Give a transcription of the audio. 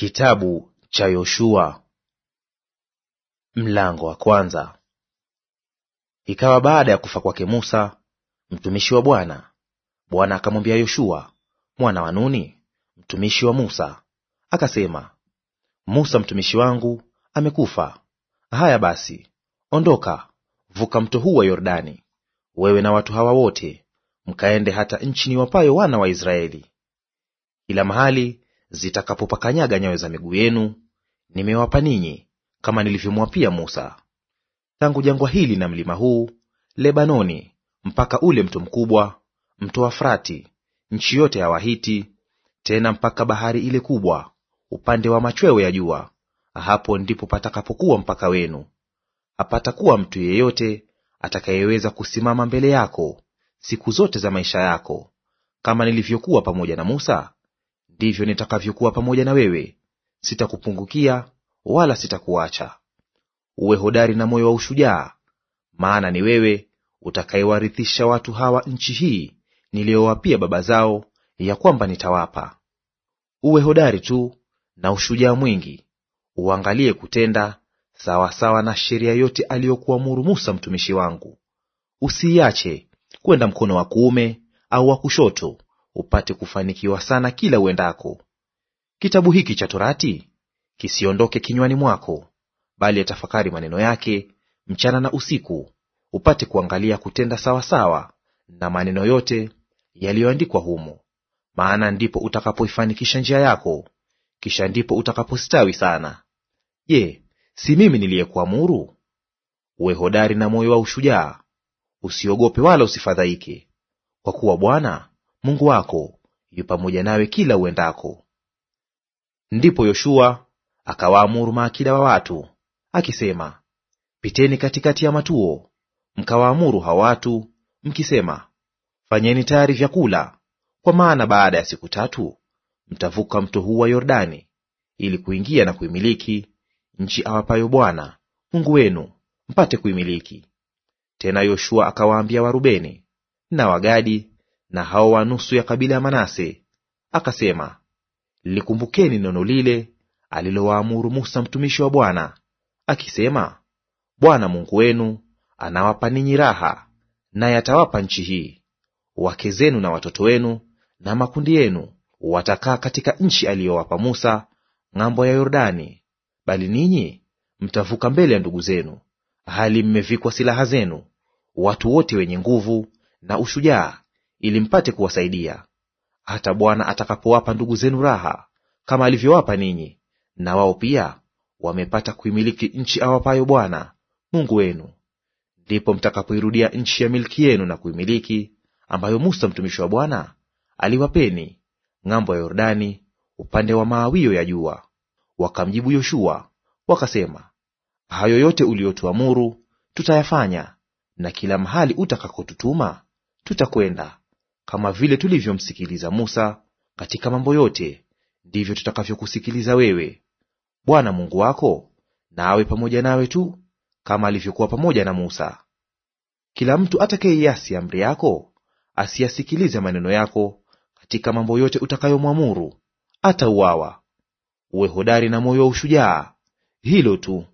Kitabu cha Yoshua mlango wa kwanza. Ikawa baada ya kufa kwake Musa mtumishi wa Bwana, Bwana akamwambia Yoshua mwana wa Nuni mtumishi wa Musa akasema, Musa mtumishi wangu amekufa. Haya basi, ondoka, vuka mto huu wa Yordani, wewe na watu hawa wote, mkaende hata nchi niwapayo wana wa Israeli. Kila mahali zitakapopakanyaga nyayo za miguu yenu, nimewapa ninyi kama nilivyomwapia Musa, tangu jangwa hili na mlima huu Lebanoni mpaka ule mto mkubwa, mto wa Frati, nchi yote ya Wahiti, tena mpaka bahari ile kubwa upande wa machweo ya jua, hapo ndipo patakapokuwa mpaka wenu. Hapatakuwa mtu yeyote atakayeweza kusimama mbele yako siku zote za maisha yako. Kama nilivyokuwa pamoja na Musa, ndivyo nitakavyokuwa pamoja na wewe; sitakupungukia wala sitakuacha. Uwe hodari na moyo wa ushujaa, maana ni wewe utakayewarithisha watu hawa nchi hii niliyowapia baba zao, ya kwamba nitawapa. Uwe hodari tu na ushujaa mwingi, uangalie kutenda sawasawa na sheria yote aliyokuamuru Musa mtumishi wangu. Usiiache kwenda mkono wa kuume au wa kushoto, upate kufanikiwa sana kila uendako. Kitabu hiki cha Torati kisiondoke kinywani mwako, bali yatafakari maneno yake mchana na usiku, upate kuangalia kutenda sawasawa na maneno yote yaliyoandikwa humo. Maana ndipo utakapoifanikisha njia yako, kisha ndipo utakapostawi sana. Je, si mimi niliyekuamuru? Uwe hodari na moyo wa ushujaa, usiogope wala usifadhaike, kwa kuwa Bwana Mungu wako yu pamoja nawe kila uendako. Ndipo Yoshua akawaamuru maakida wa watu akisema, piteni katikati ya matuo mkawaamuru hawa watu mkisema, fanyeni tayari vyakula, kwa maana baada ya siku tatu mtavuka mto huu wa Yordani ili kuingia na kuimiliki nchi awapayo Bwana Mungu wenu mpate kuimiliki. Tena Yoshua akawaambia Warubeni na Wagadi na hao wa nusu ya kabila ya Manase, akasema, likumbukeni neno lile alilowaamuru Musa mtumishi wa Bwana akisema, Bwana Mungu wenu anawapa ninyi raha, naye atawapa nchi hii; wake zenu na watoto wenu na makundi yenu watakaa katika nchi aliyowapa Musa ng'ambo ya Yordani, bali ninyi mtavuka mbele ya ndugu zenu, hali mmevikwa silaha zenu, watu wote wenye nguvu na ushujaa ili mpate kuwasaidia, hata Bwana atakapowapa ndugu zenu raha kama alivyowapa ninyi, na wao pia wamepata kuimiliki nchi awapayo Bwana Mungu wenu. Ndipo mtakapoirudia nchi ya milki yenu na kuimiliki, ambayo Musa mtumishi wa Bwana aliwapeni ng'ambo ya Yordani upande wa maawio ya jua. Wakamjibu Yoshua wakasema, hayo yote uliyotuamuru tutayafanya, na kila mahali utakakotutuma tutakwenda, kama vile tulivyomsikiliza Musa katika mambo yote, ndivyo tutakavyokusikiliza wewe. Bwana Mungu wako na awe pamoja nawe tu kama alivyokuwa pamoja na Musa. Kila mtu atakayeiasi amri yako asiyasikilize maneno yako katika mambo yote utakayomwamuru, atauawa. Uwe hodari na moyo wa ushujaa; hilo tu